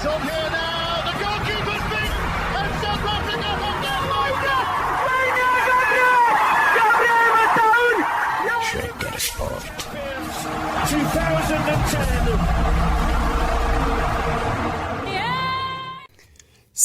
It's on here.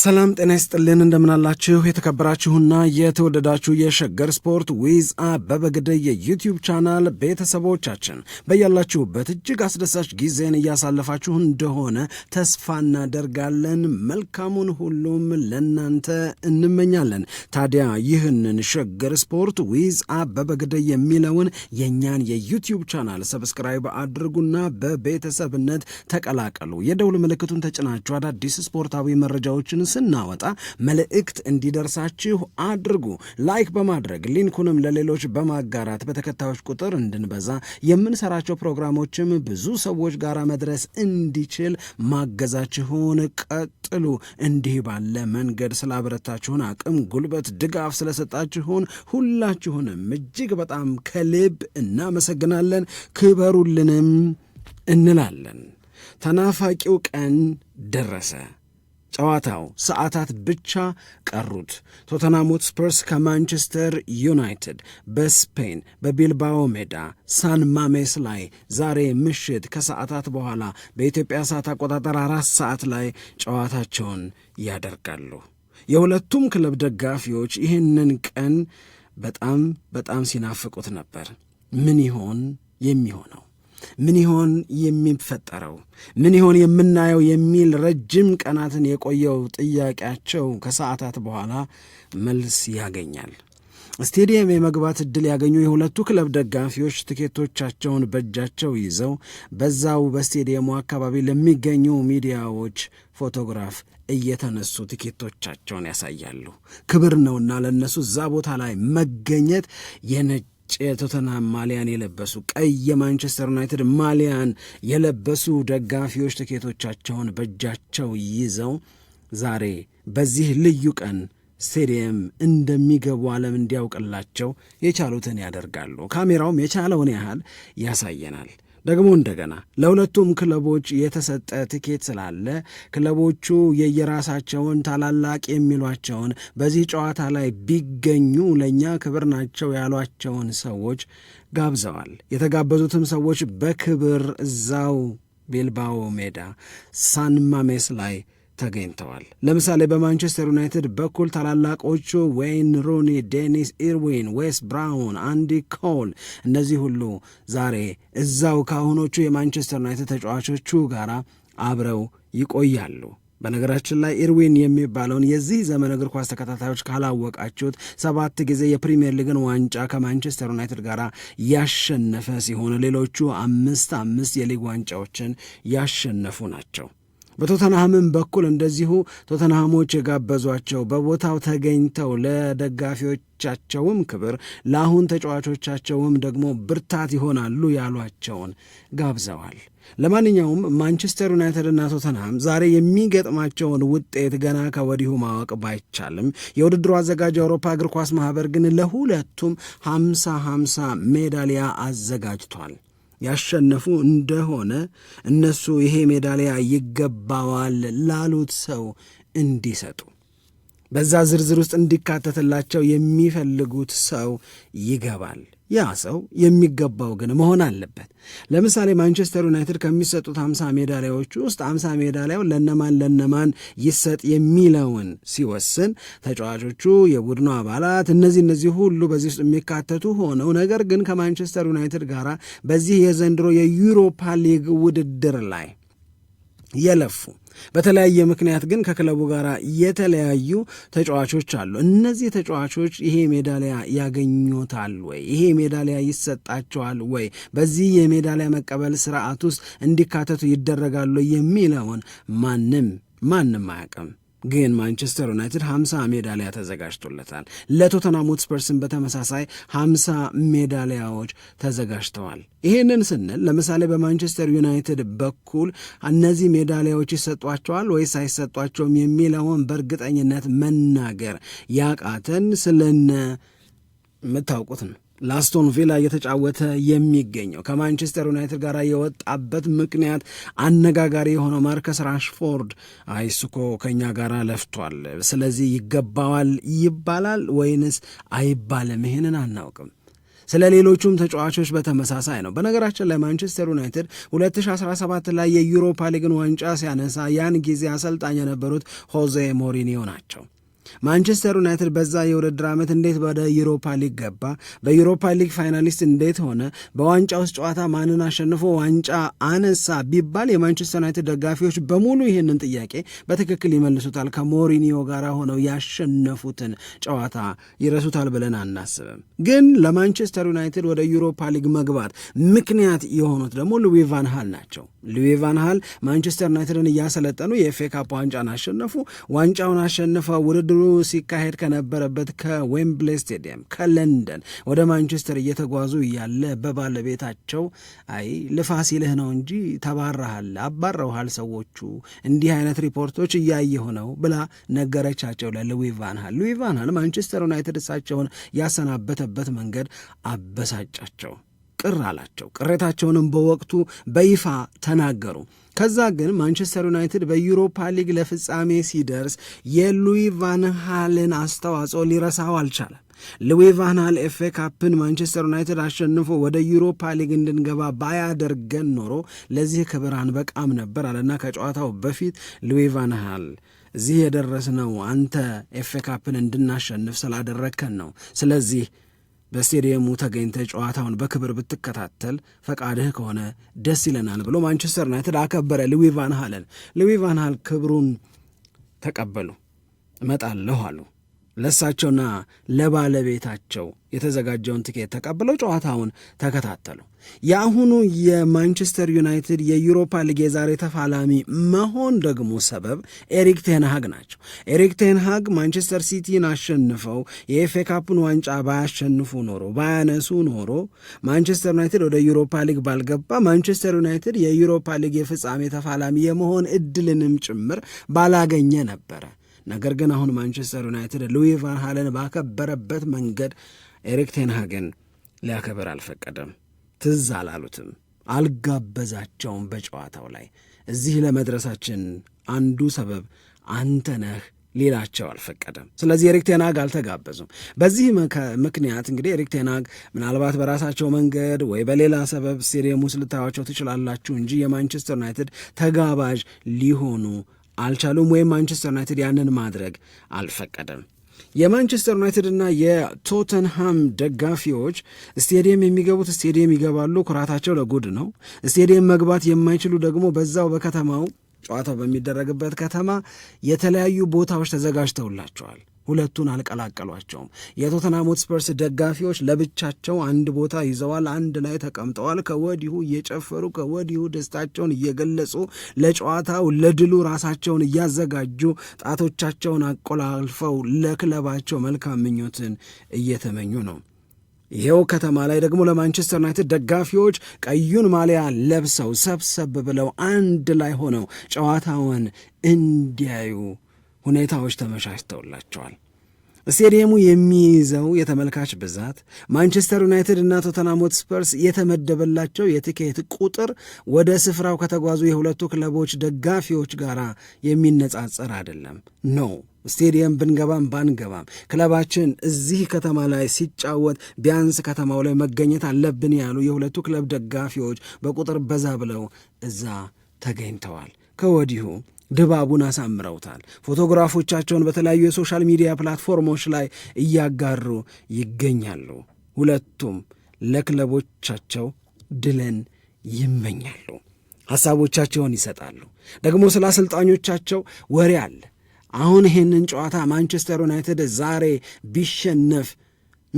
ሰላም ጤና ይስጥልን እንደምናላችሁ የተከበራችሁና የተወደዳችሁ የሸገር ስፖርት ዊዝ አበበ ግደይ የዩትዩብ ቻናል ቤተሰቦቻችን በያላችሁበት እጅግ አስደሳች ጊዜን እያሳለፋችሁ እንደሆነ ተስፋ እናደርጋለን። መልካሙን ሁሉም ለናንተ እንመኛለን። ታዲያ ይህንን ሸገር ስፖርት ዊዝ አበበ ግደይ የሚለውን የእኛን የዩትዩብ ቻናል ሰብስክራይብ አድርጉና በቤተሰብነት ተቀላቀሉ። የደውል ምልክቱን ተጭናችሁ አዳዲስ ስፖርታዊ መረጃዎችን ስናወጣ መልእክት እንዲደርሳችሁ አድርጉ። ላይክ በማድረግ ሊንኩንም ለሌሎች በማጋራት በተከታዮች ቁጥር እንድንበዛ የምንሰራቸው ፕሮግራሞችም ብዙ ሰዎች ጋር መድረስ እንዲችል ማገዛችሁን ቀጥሉ። እንዲህ ባለ መንገድ ስላበረታችሁን፣ አቅም፣ ጉልበት፣ ድጋፍ ስለሰጣችሁን ሁላችሁንም እጅግ በጣም ከልብ እናመሰግናለን። ክበሩልንም እንላለን። ተናፋቂው ቀን ደረሰ። ጨዋታው ሰዓታት ብቻ ቀሩት። ቶተናም ሆትስፐርስ ከማንቸስተር ዩናይትድ በስፔን በቢልባኦ ሜዳ ሳን ማሜስ ላይ ዛሬ ምሽት ከሰዓታት በኋላ በኢትዮጵያ ሰዓት አቆጣጠር አራት ሰዓት ላይ ጨዋታቸውን ያደርጋሉ። የሁለቱም ክለብ ደጋፊዎች ይህንን ቀን በጣም በጣም ሲናፍቁት ነበር። ምን ይሆን የሚሆነው? ምን ይሆን የሚፈጠረው፣ ምን ይሆን የምናየው የሚል ረጅም ቀናትን የቆየው ጥያቄያቸው ከሰዓታት በኋላ መልስ ያገኛል። ስቴዲየም የመግባት እድል ያገኙ የሁለቱ ክለብ ደጋፊዎች ትኬቶቻቸውን በእጃቸው ይዘው በዛው በስቴዲየሙ አካባቢ ለሚገኙ ሚዲያዎች ፎቶግራፍ እየተነሱ ትኬቶቻቸውን ያሳያሉ። ክብር ነውና ለእነሱ እዛ ቦታ ላይ መገኘት የነጭ ነጭ የቶተንሃም ማሊያን የለበሱ ቀይ የማንቸስተር ዩናይትድ ማሊያን የለበሱ ደጋፊዎች ትኬቶቻቸውን በእጃቸው ይዘው ዛሬ በዚህ ልዩ ቀን ስቴዲየም እንደሚገቡ ዓለም እንዲያውቅላቸው የቻሉትን ያደርጋሉ። ካሜራውም የቻለውን ያህል ያሳየናል። ደግሞ እንደገና ለሁለቱም ክለቦች የተሰጠ ትኬት ስላለ ክለቦቹ የየራሳቸውን ታላላቅ የሚሏቸውን በዚህ ጨዋታ ላይ ቢገኙ ለእኛ ክብር ናቸው ያሏቸውን ሰዎች ጋብዘዋል። የተጋበዙትም ሰዎች በክብር እዛው ቤልባኦ ሜዳ ሳንማሜስ ላይ ተገኝተዋል። ለምሳሌ በማንቸስተር ዩናይትድ በኩል ታላላቆቹ ዌይን ሩኒ፣ ዴኒስ ኢርዊን፣ ዌስ ብራውን፣ አንዲ ኮል እነዚህ ሁሉ ዛሬ እዛው ካሁኖቹ የማንቸስተር ዩናይትድ ተጫዋቾቹ ጋር አብረው ይቆያሉ። በነገራችን ላይ ኢርዊን የሚባለውን የዚህ ዘመን እግር ኳስ ተከታታዮች ካላወቃችሁት ሰባት ጊዜ የፕሪምየር ሊግን ዋንጫ ከማንቸስተር ዩናይትድ ጋር ያሸነፈ ሲሆን ሌሎቹ አምስት አምስት የሊግ ዋንጫዎችን ያሸነፉ ናቸው። በቶተንሃምም በኩል እንደዚሁ ቶተንሃሞች የጋበዟቸው በቦታው ተገኝተው ለደጋፊዎቻቸውም ክብር ለአሁን ተጫዋቾቻቸውም ደግሞ ብርታት ይሆናሉ ያሏቸውን ጋብዘዋል። ለማንኛውም ማንቸስተር ዩናይትድና ቶተንሃም ዛሬ የሚገጥማቸውን ውጤት ገና ከወዲሁ ማወቅ ባይቻልም የውድድሩ አዘጋጅ የአውሮፓ እግር ኳስ ማህበር ግን ለሁለቱም ሃምሳ ሀምሳ ሜዳሊያ አዘጋጅቷል። ያሸነፉ እንደሆነ እነሱ ይሄ ሜዳሊያ ይገባዋል ላሉት ሰው እንዲሰጡ በዛ ዝርዝር ውስጥ እንዲካተትላቸው የሚፈልጉት ሰው ይገባል ያ ሰው የሚገባው ግን መሆን አለበት። ለምሳሌ ማንቸስተር ዩናይትድ ከሚሰጡት አምሳ ሜዳሊያዎች ውስጥ አምሳ ሜዳሊያው ለነማን ለነማን ይሰጥ የሚለውን ሲወስን ተጫዋቾቹ፣ የቡድኑ አባላት እነዚህ እነዚህ ሁሉ በዚህ ውስጥ የሚካተቱ ሆነው ነገር ግን ከማንቸስተር ዩናይትድ ጋር በዚህ የዘንድሮ የዩሮፓ ሊግ ውድድር ላይ የለፉ በተለያየ ምክንያት ግን ከክለቡ ጋር የተለያዩ ተጫዋቾች አሉ። እነዚህ ተጫዋቾች ይሄ ሜዳሊያ ያገኙታል ወይ? ይሄ ሜዳሊያ ይሰጣቸዋል ወይ? በዚህ የሜዳሊያ መቀበል ስርዓት ውስጥ እንዲካተቱ ይደረጋሉ የሚለውን ማንም ማንም አያውቅም። ግን ማንቸስተር ዩናይትድ 50 ሜዳሊያ ተዘጋጅቶለታል። ለቶተናም ሆትስፐርስን በተመሳሳይ 50 ሜዳሊያዎች ተዘጋጅተዋል። ይህንን ስንል ለምሳሌ በማንቸስተር ዩናይትድ በኩል እነዚህ ሜዳሊያዎች ይሰጧቸዋል ወይስ አይሰጧቸውም የሚለውን በእርግጠኝነት መናገር ያቃተን ስለነ የምታውቁት ነው። ላስቶን ቪላ እየተጫወተ የሚገኘው ከማንቸስተር ዩናይትድ ጋር የወጣበት ምክንያት አነጋጋሪ የሆነው ማርከስ ራሽፎርድ አይስኮ ከኛ ጋር ለፍቷል፣ ስለዚህ ይገባዋል ይባላል ወይንስ አይባልም? ይህንን አናውቅም። ስለ ሌሎቹም ተጫዋቾች በተመሳሳይ ነው። በነገራችን ላይ ማንቸስተር ዩናይትድ 2017 ላይ የዩሮፓ ሊግን ዋንጫ ሲያነሳ ያን ጊዜ አሰልጣኝ የነበሩት ሆዜ ሞሪኒዮ ናቸው። ማንቸስተር ዩናይትድ በዛ የውድድር ዓመት እንዴት ወደ ዩሮፓ ሊግ ገባ? በዩሮፓ ሊግ ፋይናሊስት እንዴት ሆነ? በዋንጫ ውስጥ ጨዋታ ማንን አሸንፎ ዋንጫ አነሳ ቢባል የማንቸስተር ዩናይትድ ደጋፊዎች በሙሉ ይህንን ጥያቄ በትክክል ይመልሱታል። ከሞሪኒዮ ጋር ሆነው ያሸነፉትን ጨዋታ ይረሱታል ብለን አናስብም። ግን ለማንቸስተር ዩናይትድ ወደ ዩሮፓ ሊግ መግባት ምክንያት የሆኑት ደግሞ ሉዊ ናቸው። ሉዊ ቫን ሃል ማንቸስተር ዩናይትድን እያሰለጠኑ የኤፍኤ ካፕ ዋንጫን አሸነፉ። ዋንጫውን አሸንፈው ውድድሩ ሲካሄድ ከነበረበት ከዌምብሌ ስቴዲየም ከለንደን ወደ ማንቸስተር እየተጓዙ እያለ በባለቤታቸው አይ ልፋ ሲልህ ነው እንጂ ተባረሃል፣ አባረውሃል ሰዎቹ እንዲህ አይነት ሪፖርቶች እያየሁ ነው ብላ ነገረቻቸው ለሉዊ ቫን ሃል። ሉዊ ቫን ሃል ማንቸስተር ዩናይትድ እሳቸውን ያሰናበተበት መንገድ አበሳጫቸው። ቅር አላቸው። ቅሬታቸውንም በወቅቱ በይፋ ተናገሩ። ከዛ ግን ማንቸስተር ዩናይትድ በዩሮፓ ሊግ ለፍጻሜ ሲደርስ የሉዊ ቫንሃልን አስተዋጽኦ ሊረሳው አልቻለም። ሉዊ ቫን ኤፌ ካፕን ማንቸስተር ዩናይትድ አሸንፎ ወደ ዩሮፓ ሊግ እንድንገባ ባያደርገን ኖሮ ለዚህ ክብር አንበቃም ነበር አለና ከጨዋታው በፊት ሉዊ ቫን ሃል እዚህ የደረስነው አንተ ኤፌ ካፕን እንድናሸንፍ ስላደረግከን ነው። ስለዚህ በስቴዲየሙ ተገኝተ ጨዋታውን በክብር ብትከታተል ፈቃድህ ከሆነ ደስ ይለናል ብሎ ማንቸስተር ዩናይትድ አከበረ። ልዊ ቫን ሃለን ልዊ ክብሩን ተቀበሉ እመጣለሁ አሉ። ለእሳቸውና ለባለቤታቸው የተዘጋጀውን ትኬት ተቀብለው ጨዋታውን ተከታተሉ። የአሁኑ የማንቸስተር ዩናይትድ የዩሮፓ ሊግ የዛሬ ተፋላሚ መሆን ደግሞ ሰበብ ኤሪክ ቴንሃግ ናቸው። ኤሪክ ቴንሃግ ማንቸስተር ሲቲን አሸንፈው የኤፌ ካፕን ዋንጫ ባያሸንፉ ኖሮ ባያነሱ ኖሮ ማንቸስተር ዩናይትድ ወደ ዩሮፓ ሊግ ባልገባ፣ ማንቸስተር ዩናይትድ የዩሮፓ ሊግ የፍጻሜ ተፋላሚ የመሆን እድልንም ጭምር ባላገኘ ነበረ። ነገር ግን አሁን ማንቸስተር ዩናይትድ ሉዊ ቫን ሃለን ባከበረበት መንገድ ኤሪክ ቴንሃገን ሊያከብር አልፈቀደም። ትዝ አላሉትም፣ አልጋበዛቸውም በጨዋታው ላይ። እዚህ ለመድረሳችን አንዱ ሰበብ አንተ ነህ ሌላቸው አልፈቀደም። ስለዚህ ኤሪክ ቴናግ አልተጋበዙም። በዚህ ምክንያት እንግዲህ ኤሪክ ቴናግ ምናልባት በራሳቸው መንገድ ወይ በሌላ ሰበብ ስቴዲየም ውስጥ ትችላላችሁ እንጂ የማንቸስተር ዩናይትድ ተጋባዥ ሊሆኑ አልቻሉም፣ ወይም ማንቸስተር ዩናይትድ ያንን ማድረግ አልፈቀደም። የማንቸስተር ዩናይትድ እና የቶተንሃም ደጋፊዎች ስቴዲየም የሚገቡት ስቴዲየም ይገባሉ። ኩራታቸው ለጉድ ነው። ስቴዲየም መግባት የማይችሉ ደግሞ በዛው በከተማው ጨዋታው በሚደረግበት ከተማ የተለያዩ ቦታዎች ተዘጋጅተውላቸዋል። ሁለቱን አልቀላቀሏቸውም። የቶተንሃም ሆትስፐርስ ደጋፊዎች ለብቻቸው አንድ ቦታ ይዘዋል፣ አንድ ላይ ተቀምጠዋል። ከወዲሁ እየጨፈሩ ከወዲሁ ደስታቸውን እየገለጹ ለጨዋታው ለድሉ ራሳቸውን እያዘጋጁ ጣቶቻቸውን አቆላልፈው ለክለባቸው መልካም ምኞትን እየተመኙ ነው። ይኸው ከተማ ላይ ደግሞ ለማንቸስተር ዩናይትድ ደጋፊዎች ቀዩን ማሊያ ለብሰው ሰብሰብ ብለው አንድ ላይ ሆነው ጨዋታውን እንዲያዩ ሁኔታዎች ተመቻችተውላቸዋል። ስቴዲየሙ የሚይዘው የተመልካች ብዛት፣ ማንቸስተር ዩናይትድ እና ቶተናም ሆትስፐርስ የተመደበላቸው የትኬት ቁጥር ወደ ስፍራው ከተጓዙ የሁለቱ ክለቦች ደጋፊዎች ጋር የሚነጻጸር አይደለም። ኖ ስቴዲየም ብንገባም ባንገባም ክለባችን እዚህ ከተማ ላይ ሲጫወት ቢያንስ ከተማው ላይ መገኘት አለብን ያሉ የሁለቱ ክለብ ደጋፊዎች በቁጥር በዛ ብለው እዛ ተገኝተዋል። ከወዲሁ ድባቡን አሳምረውታል። ፎቶግራፎቻቸውን በተለያዩ የሶሻል ሚዲያ ፕላትፎርሞች ላይ እያጋሩ ይገኛሉ። ሁለቱም ለክለቦቻቸው ድልን ይመኛሉ፣ ሀሳቦቻቸውን ይሰጣሉ። ደግሞ ስለ አሰልጣኞቻቸው ወሬ አለ። አሁን ይህንን ጨዋታ ማንቸስተር ዩናይትድ ዛሬ ቢሸነፍ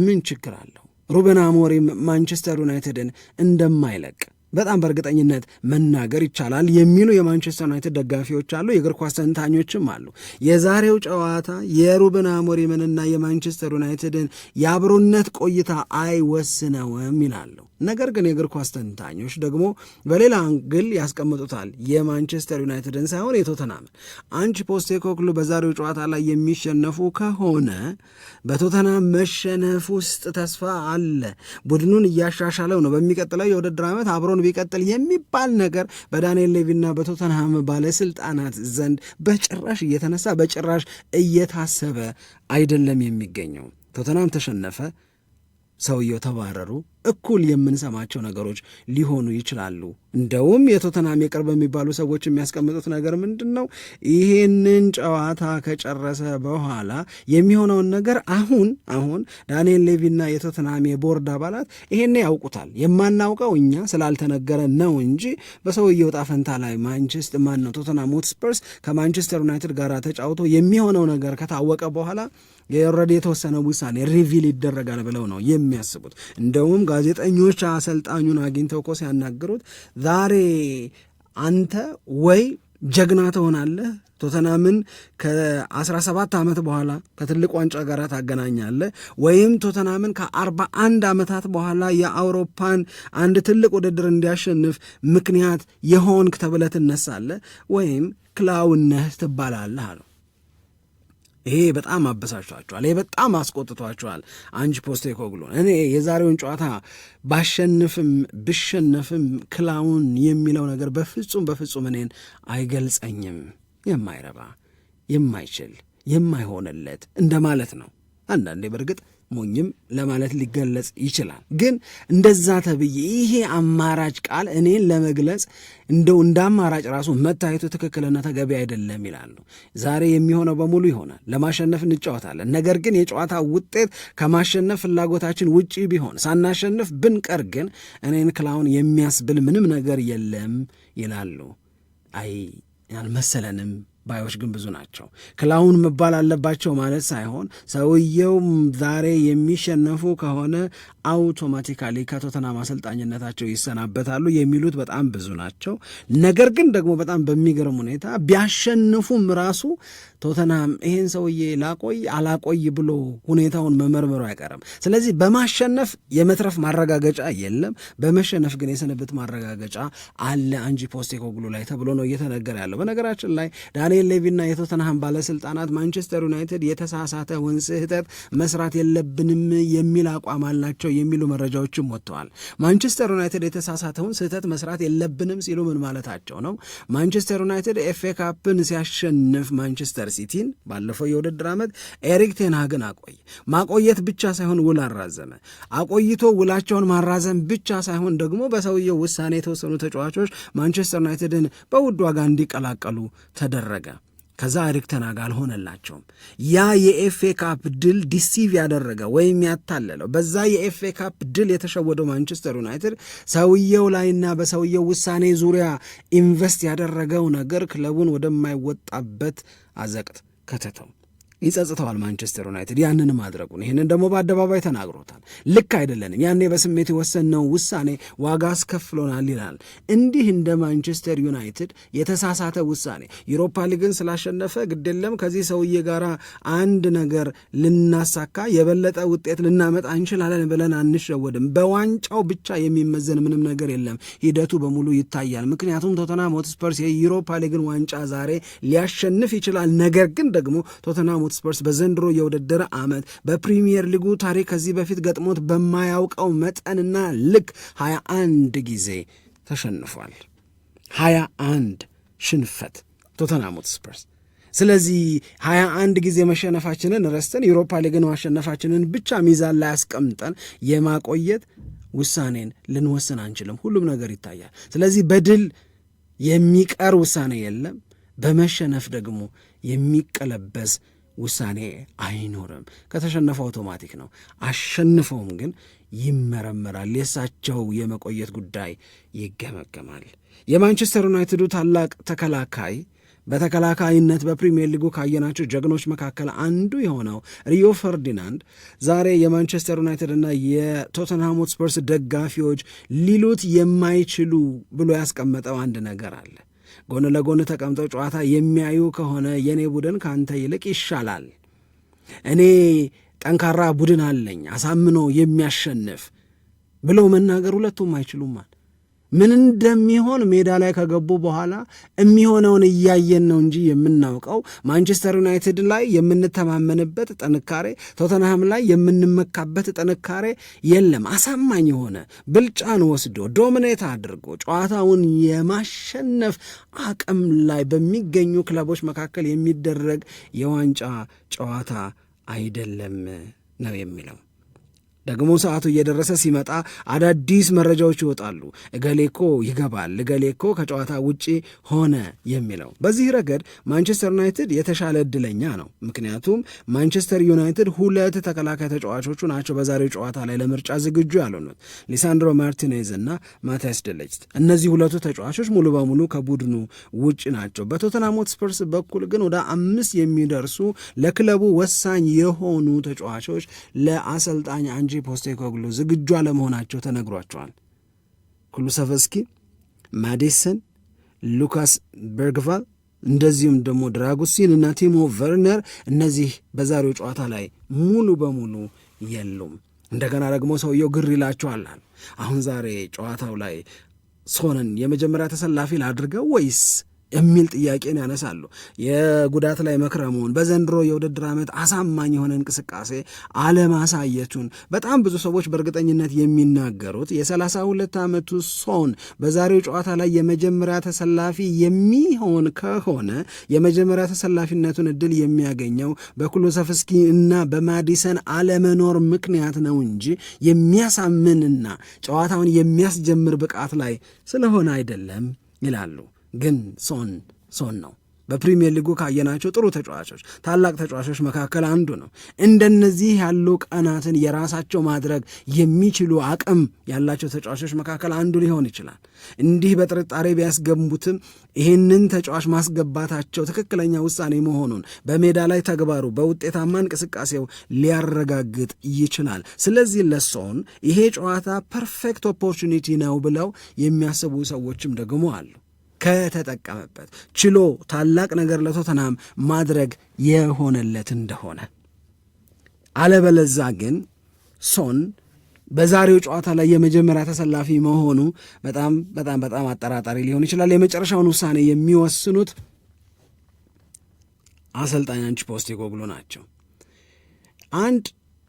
ምን ችግር አለው? ሩበን አሞሪም ማንቸስተር ዩናይትድን እንደማይለቅ በጣም በእርግጠኝነት መናገር ይቻላል የሚሉ የማንቸስተር ዩናይትድ ደጋፊዎች አሉ፣ የእግር ኳስ ተንታኞችም አሉ። የዛሬው ጨዋታ የሩበን አሞሪምንና የማንቸስተር ዩናይትድን የአብሮነት ቆይታ አይወስነውም ይላሉ። ነገር ግን የእግር ኳስ ተንታኞች ደግሞ በሌላ አንግል ያስቀምጡታል። የማንቸስተር ዩናይትድን ሳይሆን የቶተናምን። አንቺ ፖስቴኮግሉ በዛሬው ጨዋታ ላይ የሚሸነፉ ከሆነ በቶተናም መሸነፍ ውስጥ ተስፋ አለ፣ ቡድኑን እያሻሻለው ነው፣ በሚቀጥለው የውድድር ዓመት አብሮን ቢቀጥል የሚባል ነገር በዳንኤል ሌቪና በቶተንሃም ባለስልጣናት ዘንድ በጭራሽ እየተነሳ በጭራሽ እየታሰበ አይደለም የሚገኘው። ቶተንሃም ተሸነፈ፣ ሰውየው ተባረሩ። እኩል የምንሰማቸው ነገሮች ሊሆኑ ይችላሉ። እንደውም የቶተናም የቅርብ የሚባሉ ሰዎች የሚያስቀምጡት ነገር ምንድን ነው? ይህንን ጨዋታ ከጨረሰ በኋላ የሚሆነውን ነገር አሁን አሁን ዳንኤል ሌቪና የቶተናም የቦርድ አባላት ይሄን ያውቁታል። የማናውቀው እኛ ስላልተነገረ ነው እንጂ በሰውየው ጣፈንታ ላይ ማንቸስተር ማን ነው ቶተናም ሆትስፐርስ ከማንቸስተር ዩናይትድ ጋር ተጫውቶ የሚሆነው ነገር ከታወቀ በኋላ የኦልሬዲ የተወሰነ ውሳኔ ሪቪል ይደረጋል ብለው ነው የሚያስቡት እንደውም ጋዜጠኞች አሰልጣኙን አግኝተው እኮ ሲያናግሩት ዛሬ አንተ ወይ ጀግና ትሆናለህ፣ ቶተናምን ከ17 ዓመት በኋላ ከትልቅ ዋንጫ ጋር ታገናኛለህ፣ ወይም ቶተናምን ከ41 ዓመታት በኋላ የአውሮፓን አንድ ትልቅ ውድድር እንዲያሸንፍ ምክንያት የሆንክ ተብለህ ትነሳለህ፣ ወይም ክላውነህ ትባላለህ አሉ። ይሄ በጣም አበሳጭቷቸዋል። ይሄ በጣም አስቆጥቷቸዋል አንጅ ፖስቴኮግሉ። እኔ የዛሬውን ጨዋታ ባሸንፍም ብሸነፍም ክላውን የሚለው ነገር በፍጹም በፍጹም እኔን አይገልጸኝም። የማይረባ የማይችል የማይሆንለት እንደማለት ነው። አንዳንዴ በእርግጥ ሞኝም ለማለት ሊገለጽ ይችላል። ግን እንደዛ ተብዬ ይሄ አማራጭ ቃል እኔን ለመግለጽ እንደው እንደ አማራጭ ራሱ መታየቱ ትክክልና ተገቢ አይደለም ይላሉ። ዛሬ የሚሆነው በሙሉ ይሆናል፣ ለማሸነፍ እንጫወታለን። ነገር ግን የጨዋታ ውጤት ከማሸነፍ ፍላጎታችን ውጪ ቢሆን ሳናሸንፍ ብንቀር ግን እኔን ክላውን የሚያስብል ምንም ነገር የለም ይላሉ። አይ አልመሰለንም ባዮች ግን ብዙ ናቸው። ክላውን መባል አለባቸው ማለት ሳይሆን ሰውየው ዛሬ የሚሸነፉ ከሆነ አውቶማቲካሊ ከቶተናም አሰልጣኝነታቸው ይሰናበታሉ የሚሉት በጣም ብዙ ናቸው። ነገር ግን ደግሞ በጣም በሚገርም ሁኔታ ቢያሸንፉም ራሱ ቶተናም ይሄን ሰውዬ ላቆይ አላቆይ ብሎ ሁኔታውን መመርመሩ አይቀርም። ስለዚህ በማሸነፍ የመትረፍ ማረጋገጫ የለም፣ በመሸነፍ ግን የስንብት ማረጋገጫ አለ አንጂ ፖስቴኮግሉ ላይ ተብሎ ነው እየተነገረ ያለው። በነገራችን ላይ ዳኒ ዛሬ ሌቪና የቶተንሃም ባለስልጣናት ማንቸስተር ዩናይትድ የተሳሳተውን ስህተት መስራት የለብንም የሚል አቋም አላቸው የሚሉ መረጃዎችም ወጥተዋል። ማንቸስተር ዩናይትድ የተሳሳተውን ስህተት መስራት የለብንም ሲሉ ምን ማለታቸው ነው? ማንቸስተር ዩናይትድ ኤፍ ኤ ካፕን ሲያሸንፍ ማንቸስተር ሲቲን ባለፈው የውድድር ዓመት ኤሪክ ቴንሃግን አቆይ ማቆየት ብቻ ሳይሆን ውል አራዘመ። አቆይቶ ውላቸውን ማራዘም ብቻ ሳይሆን ደግሞ በሰውየው ውሳኔ የተወሰኑ ተጫዋቾች ማንቸስተር ዩናይትድን በውድ ዋጋ እንዲቀላቀሉ ተደረገ። ከዛ ሪክተና ጋር አልሆነላቸውም። ያ የኤፍኤ ካፕ ድል ዲሲቭ ያደረገ ወይም ያታለለው በዛ የኤፍኤ ካፕ ድል የተሸወደው ማንቸስተር ዩናይትድ ሰውየው ላይና በሰውየው ውሳኔ ዙሪያ ኢንቨስት ያደረገው ነገር ክለቡን ወደማይወጣበት አዘቅት ከተተው። ይጸጽተዋል ማንቸስተር ዩናይትድ ያንን ማድረጉን። ይህንን ደግሞ በአደባባይ ተናግሮታል። ልክ አይደለንም፣ ያኔ በስሜት የወሰንነው ውሳኔ ዋጋ አስከፍሎናል ይላል። እንዲህ እንደ ማንቸስተር ዩናይትድ የተሳሳተ ውሳኔ ዩሮፓ ሊግን ስላሸነፈ ግድ የለም ከዚህ ሰውዬ ጋር አንድ ነገር ልናሳካ የበለጠ ውጤት ልናመጣ እንችላለን ብለን አንሸወድም። በዋንጫው ብቻ የሚመዘን ምንም ነገር የለም። ሂደቱ በሙሉ ይታያል። ምክንያቱም ቶተናም ሆትስፐርስ የዩሮፓ ሊግን ዋንጫ ዛሬ ሊያሸንፍ ይችላል። ነገር ግን ደግሞ ቶተናም የገጠሙት ስፐርስ በዘንድሮ የውድድር ዓመት በፕሪሚየር ሊጉ ታሪክ ከዚህ በፊት ገጥሞት በማያውቀው መጠንና ልክ 21 ጊዜ ተሸንፏል። 21 ሽንፈት ቶተንሃም ስፐርስ። ስለዚህ 21 ጊዜ መሸነፋችንን ረስተን ዩሮፓ ሊግን ማሸነፋችንን ብቻ ሚዛን ላይ አስቀምጠን የማቆየት ውሳኔን ልንወስን አንችልም። ሁሉም ነገር ይታያል። ስለዚህ በድል የሚቀር ውሳኔ የለም፣ በመሸነፍ ደግሞ የሚቀለበስ ውሳኔ አይኖርም። ከተሸነፈ አውቶማቲክ ነው። አሸንፈውም ግን ይመረመራል። የእሳቸው የመቆየት ጉዳይ ይገመገማል። የማንቸስተር ዩናይትዱ ታላቅ ተከላካይ በተከላካይነት በፕሪምየር ሊጉ ካየናቸው ጀግኖች መካከል አንዱ የሆነው ሪዮ ፈርዲናንድ ዛሬ የማንቸስተር ዩናይትድ እና የቶተንሃም ሆትስፐርስ ደጋፊዎች ሊሉት የማይችሉ ብሎ ያስቀመጠው አንድ ነገር አለ። ጎን ለጎን ተቀምጠው ጨዋታ የሚያዩ ከሆነ የእኔ ቡድን ከአንተ ይልቅ ይሻላል፣ እኔ ጠንካራ ቡድን አለኝ፣ አሳምኖ የሚያሸንፍ ብለው መናገር ሁለቱም አይችሉማል። ምን እንደሚሆን ሜዳ ላይ ከገቡ በኋላ የሚሆነውን እያየን ነው እንጂ የምናውቀው ማንቸስተር ዩናይትድ ላይ የምንተማመንበት ጥንካሬ፣ ቶተንሃም ላይ የምንመካበት ጥንካሬ የለም። አሳማኝ የሆነ ብልጫን ወስዶ ዶሚኔት አድርጎ ጨዋታውን የማሸነፍ አቅም ላይ በሚገኙ ክለቦች መካከል የሚደረግ የዋንጫ ጨዋታ አይደለም ነው የሚለው ደግሞ ሰዓቱ እየደረሰ ሲመጣ አዳዲስ መረጃዎች ይወጣሉ። እገሌኮ ይገባል፣ እገሌኮ ከጨዋታ ውጪ ሆነ የሚለው በዚህ ረገድ ማንቸስተር ዩናይትድ የተሻለ እድለኛ ነው። ምክንያቱም ማንቸስተር ዩናይትድ ሁለት ተከላካይ ተጫዋቾቹ ናቸው በዛሬው ጨዋታ ላይ ለምርጫ ዝግጁ ያልሆኑት ሊሳንድሮ ማርቲኔዝ እና ማቲያስ ደለጅት። እነዚህ ሁለቱ ተጫዋቾች ሙሉ በሙሉ ከቡድኑ ውጭ ናቸው። በቶተንሃም ሆትስፐርስ በኩል ግን ወደ አምስት የሚደርሱ ለክለቡ ወሳኝ የሆኑ ተጫዋቾች ለአሰልጣኝ አንጅ ፖስቴኮግሉ ዝግጁ አለመሆናቸው ተነግሯቸዋል። ኩሉሰቨስኪ፣ ማዲሰን፣ ሉካስ በርግቫል እንደዚሁም ደግሞ እና ቲሞ ቨርነር እነዚህ በዛሬው ጨዋታ ላይ ሙሉ በሙሉ የሉም። እንደገና ደግሞ ሰውየው ግር ይላቸዋል። አሁን ዛሬ ጨዋታው ላይ ሶንን የመጀመሪያ ተሰላፊ ላድርገው ወይስ የሚል ጥያቄን ያነሳሉ። የጉዳት ላይ መክረሙን በዘንድሮ የውድድር ዓመት አሳማኝ የሆነ እንቅስቃሴ አለማሳየቱን በጣም ብዙ ሰዎች በእርግጠኝነት የሚናገሩት የ32 ዓመቱ ሶን በዛሬው ጨዋታ ላይ የመጀመሪያ ተሰላፊ የሚሆን ከሆነ የመጀመሪያ ተሰላፊነቱን እድል የሚያገኘው በኩሉሰፍስኪ እና በማዲሰን አለመኖር ምክንያት ነው እንጂ የሚያሳምንና ጨዋታውን የሚያስጀምር ብቃት ላይ ስለሆነ አይደለም ይላሉ። ግን ሶን ሶን ነው። በፕሪምየር ሊጉ ካየናቸው ጥሩ ተጫዋቾች፣ ታላቅ ተጫዋቾች መካከል አንዱ ነው። እንደነዚህ ያሉ ቀናትን የራሳቸው ማድረግ የሚችሉ አቅም ያላቸው ተጫዋቾች መካከል አንዱ ሊሆን ይችላል። እንዲህ በጥርጣሬ ቢያስገቡትም ይህንን ተጫዋች ማስገባታቸው ትክክለኛ ውሳኔ መሆኑን በሜዳ ላይ ተግባሩ፣ በውጤታማ እንቅስቃሴው ሊያረጋግጥ ይችላል። ስለዚህ ለሶን ይሄ ጨዋታ ፐርፌክት ኦፖርቹኒቲ ነው ብለው የሚያስቡ ሰዎችም ደግሞ አሉ። ከተጠቀመበት ችሎ ታላቅ ነገር ለቶተናም ማድረግ የሆነለት እንደሆነ አለበለዛ ግን ሶን በዛሬው ጨዋታ ላይ የመጀመሪያ ተሰላፊ መሆኑ በጣም በጣም በጣም አጠራጣሪ ሊሆን ይችላል። የመጨረሻውን ውሳኔ የሚወስኑት አሰልጣኝ አንቺ ፖስቴኮግሉ ናቸው። አንድ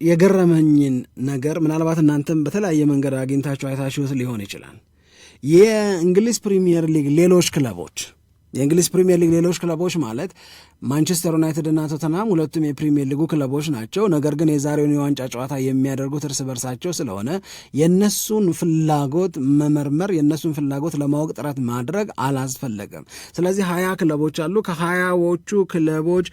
የገረመኝን ነገር ምናልባት እናንተም በተለያየ መንገድ አግኝታችሁ አይታችሁት ሊሆን ይችላል። የእንግሊዝ ፕሪሚየር ሊግ ሌሎች ክለቦች የእንግሊዝ ፕሪሚየር ሊግ ሌሎች ክለቦች ማለት ማንቸስተር ዩናይትድ እና ቶተናም ሁለቱም የፕሪሚየር ሊጉ ክለቦች ናቸው። ነገር ግን የዛሬውን የዋንጫ ጨዋታ የሚያደርጉት እርስ በርሳቸው ስለሆነ የእነሱን ፍላጎት መመርመር የእነሱን ፍላጎት ለማወቅ ጥረት ማድረግ አላስፈለገም። ስለዚህ ሀያ ክለቦች አሉ። ከሀያዎቹ ክለቦች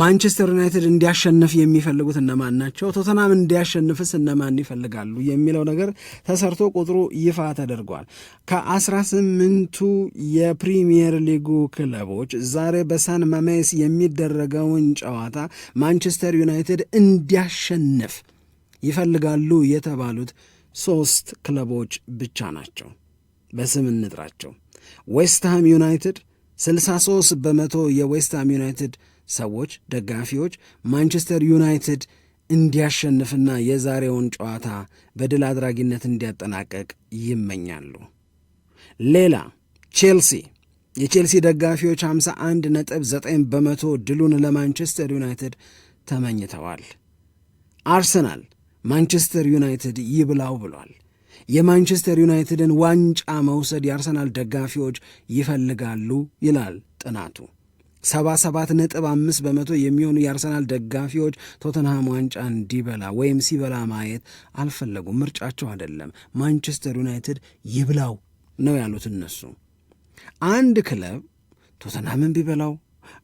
ማንቸስተር ዩናይትድ እንዲያሸንፍ የሚፈልጉት እነማን ናቸው? ቶተናም እንዲያሸንፍስ እነማን ይፈልጋሉ? የሚለው ነገር ተሰርቶ ቁጥሩ ይፋ ተደርጓል። ከአስራ ስምንቱ የፕሪሚየር ሊጉ ክለቦች ዛሬ በሳን ማሜስ የሚደረገውን ጨዋታ ማንቸስተር ዩናይትድ እንዲያሸንፍ ይፈልጋሉ የተባሉት ሶስት ክለቦች ብቻ ናቸው። በስም እንጥራቸው። ዌስትሃም ዩናይትድ 63 በመቶ የዌስትሃም ዩናይትድ ሰዎች፣ ደጋፊዎች ማንቸስተር ዩናይትድ እንዲያሸንፍና የዛሬውን ጨዋታ በድል አድራጊነት እንዲያጠናቀቅ ይመኛሉ። ሌላ ቼልሲ የቼልሲ ደጋፊዎች 9 በመቶ ድሉን ለማንቸስተር ዩናይትድ ተመኝተዋል። አርሰናል ማንቸስተር ዩናይትድ ይብላው ብሏል። የማንቸስተር ዩናይትድን ዋንጫ መውሰድ የአርሰናል ደጋፊዎች ይፈልጋሉ ይላል ጥናቱ። 77 ነጥብ 5 በመቶ የሚሆኑ የአርሰናል ደጋፊዎች ቶተንሃም ዋንጫ እንዲበላ ወይም ሲበላ ማየት አልፈለጉም። ምርጫቸው አይደለም። ማንቸስተር ዩናይትድ ይብላው ነው ያሉት እነሱ። አንድ ክለብ ቶተንሃምን ቢበላው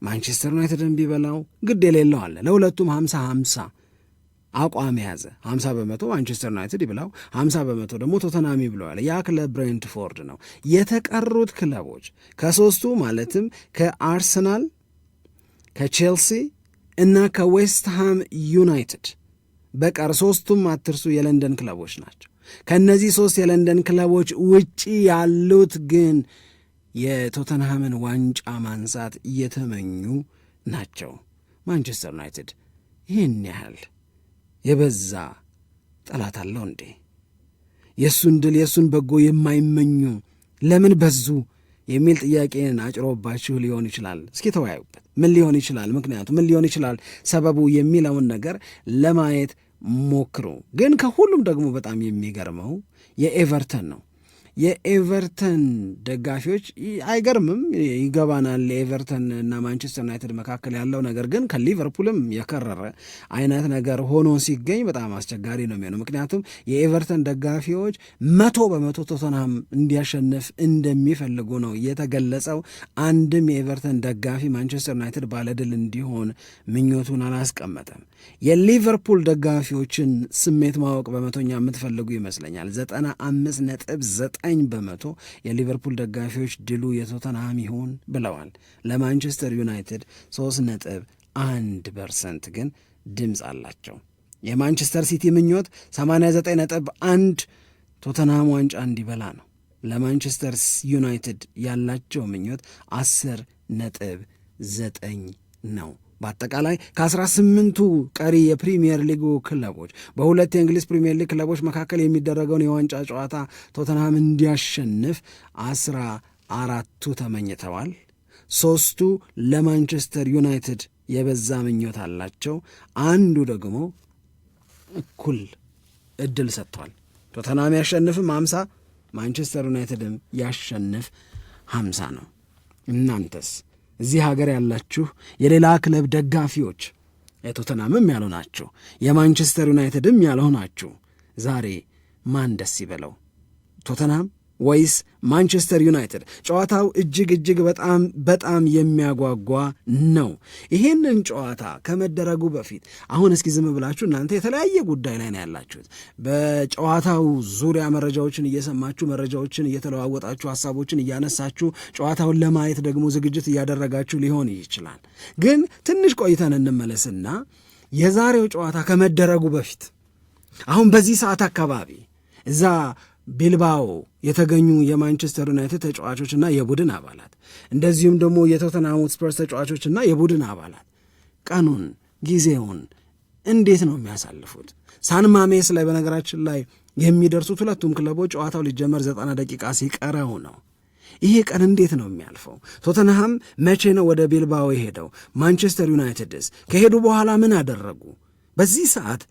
ማንቸስተር ዩናይትድን ቢበላው ግድ የሌለው አለ። ለሁለቱም 50 50 አቋም የያዘ 50 በመቶ ማንቸስተር ዩናይትድ ይብላው 50 በመቶ ደግሞ ቶተናሚ ብለዋል። ያ ክለብ ብሬንትፎርድ ነው። የተቀሩት ክለቦች ከሶስቱ ማለትም ከአርሰናል፣ ከቼልሲ እና ከዌስትሃም ዩናይትድ በቀር ሶስቱም አትርሱ የለንደን ክለቦች ናቸው። ከእነዚህ ሶስት የለንደን ክለቦች ውጪ ያሉት ግን የቶተንሃምን ዋንጫ ማንሳት እየተመኙ ናቸው። ማንቸስተር ዩናይትድ ይህን ያህል የበዛ ጠላት አለው እንዴ? የእሱን ድል የእሱን በጎ የማይመኙ ለምን በዙ የሚል ጥያቄን አጭሮባችሁ ሊሆን ይችላል። እስኪ ተወያዩበት። ምን ሊሆን ይችላል? ምክንያቱ ምን ሊሆን ይችላል? ሰበቡ የሚለውን ነገር ለማየት ሞክሩ። ግን ከሁሉም ደግሞ በጣም የሚገርመው የኤቨርተን ነው። የኤቨርተን ደጋፊዎች አይገርምም፣ ይገባናል የኤቨርተን እና ማንቸስተር ዩናይትድ መካከል ያለው ነገር ግን ከሊቨርፑልም የከረረ አይነት ነገር ሆኖ ሲገኝ በጣም አስቸጋሪ ነው የሚሆነው። ምክንያቱም የኤቨርተን ደጋፊዎች መቶ በመቶ ቶተንሃም እንዲያሸንፍ እንደሚፈልጉ ነው የተገለጸው። አንድም የኤቨርተን ደጋፊ ማንቸስተር ዩናይትድ ባለድል እንዲሆን ምኞቱን አላስቀመጠም። የሊቨርፑል ደጋፊዎችን ስሜት ማወቅ በመቶኛ የምትፈልጉ ይመስለኛል ዘጠና አምስት ነጥብ ዘጠ ዘጠኝ በመቶ የሊቨርፑል ደጋፊዎች ድሉ የቶተንሃም ይሁን ብለዋል። ለማንቸስተር ዩናይትድ ሶስት ነጥብ አንድ ፐርሰንት ግን ድምፅ አላቸው። የማንቸስተር ሲቲ ምኞት 89 ነጥብ አንድ ቶተንሃም ዋንጫ እንዲበላ ነው። ለማንቸስተር ዩናይትድ ያላቸው ምኞት 10 ነጥብ ዘጠኝ ነው። በአጠቃላይ ከ 18 ቀሪ የፕሪሚየር ሊጉ ክለቦች በሁለት የእንግሊዝ ፕሪሚየር ሊግ ክለቦች መካከል የሚደረገውን የዋንጫ ጨዋታ ቶተንሃም እንዲያሸንፍ አስራ አራቱ ተመኝተዋል። ሶስቱ ለማንቸስተር ዩናይትድ የበዛ ምኞት አላቸው። አንዱ ደግሞ እኩል እድል ሰጥቷል። ቶተንሃም ያሸንፍም ሀምሳ ማንቸስተር ዩናይትድም ያሸንፍ ሀምሳ ነው። እናንተስ እዚህ ሀገር ያላችሁ የሌላ ክለብ ደጋፊዎች የቶተናምም ያልሆናችሁ የማንቸስተር ዩናይትድም ያልሆናችሁ ዛሬ ማን ደስ ይበለው ቶተናም ወይስ ማንቸስተር ዩናይትድ? ጨዋታው እጅግ እጅግ በጣም በጣም የሚያጓጓ ነው። ይሄንን ጨዋታ ከመደረጉ በፊት አሁን እስኪ ዝም ብላችሁ እናንተ የተለያየ ጉዳይ ላይ ነው ያላችሁት። በጨዋታው ዙሪያ መረጃዎችን እየሰማችሁ መረጃዎችን እየተለዋወጣችሁ ሀሳቦችን እያነሳችሁ ጨዋታውን ለማየት ደግሞ ዝግጅት እያደረጋችሁ ሊሆን ይችላል። ግን ትንሽ ቆይተን እንመለስና የዛሬው ጨዋታ ከመደረጉ በፊት አሁን በዚህ ሰዓት አካባቢ እዛ ቢልባኦ የተገኙ የማንቸስተር ዩናይትድ ተጫዋቾችና የቡድን አባላት እንደዚሁም ደግሞ የቶተንሃም ስፐርስ ተጫዋቾችና የቡድን አባላት ቀኑን ጊዜውን እንዴት ነው የሚያሳልፉት? ሳንማሜስ ላይ በነገራችን ላይ የሚደርሱት ሁለቱም ክለቦች ጨዋታው ሊጀመር ዘጠና ደቂቃ ሲቀረው ነው። ይሄ ቀን እንዴት ነው የሚያልፈው? ቶተንሃም መቼ ነው ወደ ቢልባኦ የሄደው? ማንቸስተር ዩናይትድስ ከሄዱ በኋላ ምን አደረጉ? በዚህ ሰዓት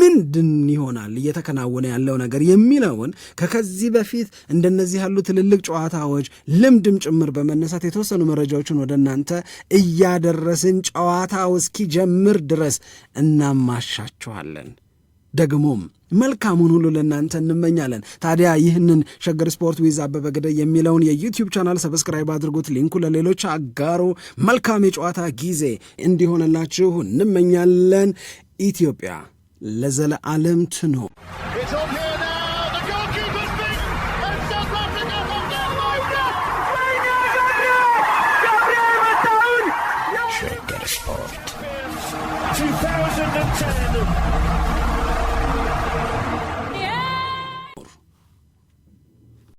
ምንድን ይሆናል እየተከናወነ ያለው ነገር የሚለውን ከከዚህ በፊት እንደነዚህ ያሉ ትልልቅ ጨዋታዎች ልምድም ጭምር በመነሳት የተወሰኑ መረጃዎችን ወደ እናንተ እያደረስን ጨዋታው እስኪጀምር ድረስ እናማሻችኋለን። ደግሞም መልካሙን ሁሉ ለእናንተ እንመኛለን። ታዲያ ይህንን ሸገር ስፖርት ዊዝ አበበ ግደይ የሚለውን የዩቲዩብ ቻናል ሰብስክራይብ አድርጉት፣ ሊንኩ ለሌሎች አጋሩ። መልካም የጨዋታ ጊዜ እንዲሆንላችሁ እንመኛለን። ኢትዮጵያ ለዘለዓለም ትኑር።